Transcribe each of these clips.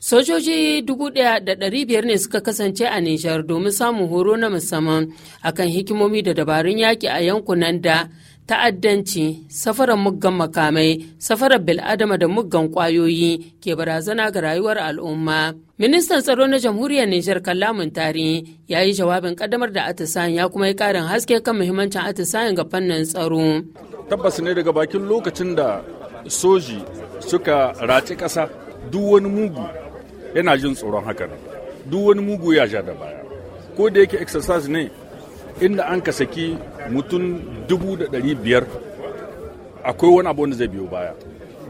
Sojoji biyar ne suka kasance a Nijar domin samun horo na musamman akan hikimomi da dabarun yaƙi a yankunan da ta'addanci, safarar muggan makamai, safarar bil'adama da muggan ƙwayoyi ke barazana ga rayuwar al'umma. Ministan tsaro na jamhuriyar Nijar Kallamun Tari ya yi jawabin kadamar da atisayen ya kuma yi karin haske kan muhimmancin atisayen ga fannin tsaro. Tabbas ne daga bakin lokacin da soji suka raci ƙasa duk wani mugu yana jin tsoron hakan duk wani mugu ya sha da baya ko da yake exercise ne inda an ka saki mutum dubu da ɗari biyar akwai wani abu wanda zai biyo baya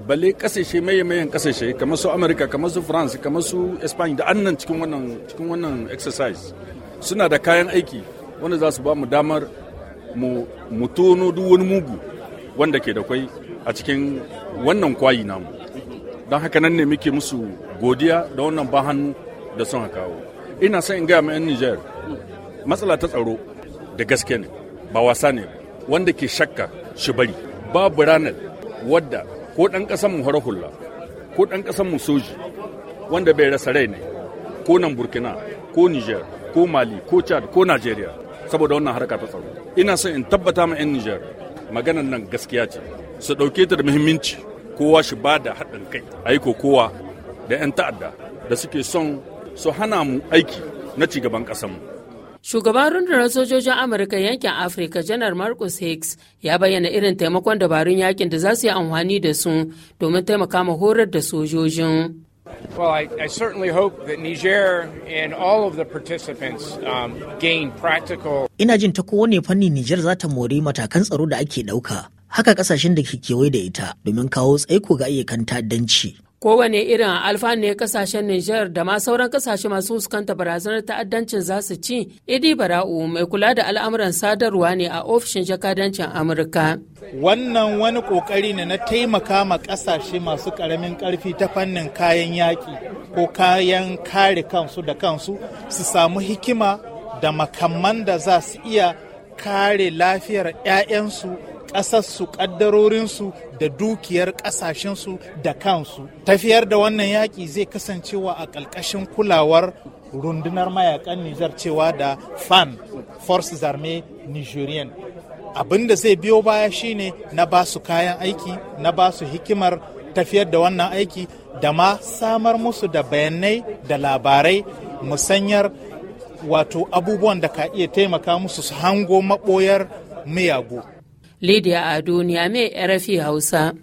balle kasashe maye mayan kasashe kamar su america kamar su france kamar su spain da annan cikin wannan cikin wannan exercise suna da kayan aiki wanda za su ba mu damar mu mu duk wani mugu wanda ke da kwai a cikin wannan kwayi namu don haka nan ne muke musu godiya da wannan ban hannu da sun kawo ina son in gaya ma 'yan nijar matsala ta tsaro da gaske ne ba wasa ne wanda ke shakka shi bari babu ranar wadda ko ɗan ƙasan mu hula ko ɗan ƙasan mu soji wanda bai rasa rai ne ko nan burkina ko niger ko mali ko chad ko nigeria saboda wannan harka ta tsaro ina son in tabbata ma 'yan niger maganar nan gaskiya ce su ɗauke ta da muhimmanci kowa shi ba da haɗin kai a yi kokowa da 'yan ta'adda da suke son su hana mu aiki na cigaban mu. Shugaban rundunar sojojin Amurka yankin Afirka janar Marcus Hicks ya bayyana irin taimakon dabarun yakin da za su yi amfani da su domin taimaka ma horar da sojojin. Well, I, I certainly hope that Niger and all of the participants um, gain practical. Ina jin ta kowane fannin Niger za ta mori matakan tsaro da ake ɗauka haka kasashen da ke kewaye da ita domin kawo tsaiko ga ayyukan ta'addanci. Kowane irin alfanu ne kasashen Nijar da ma sauran kasashe masu fuskanta barazanar ta'addancin za su ci, Idi Bara'u mai kula da al'amuran sadarwa ne a ofishin jakadancin Amurka. Wannan wani kokari ne na taimaka ma kasashe masu karamin karfi ta fannin kayan yaƙi ko kayan kare kansu da kansu su samu hikima da makamman da za su iya kare lafiyar 'ya'yansu ƙasarsu ƙaddarorinsu da dukiyar ƙasashensu da kansu tafiyar da wannan yaƙi zai kasancewa a ƙalƙashin kulawar rundunar mayakan nijar cewa da fan forces army nigerian abin da zai biyo baya shine na ba su kayan aiki na ba su hikimar tafiyar da wannan aiki da ma samar musu da bayanai da labarai musanyar wato abubuwan da ka iya taimaka musu su hango maɓoyar miyago. Lydia Adoniya mai RFI Hausa.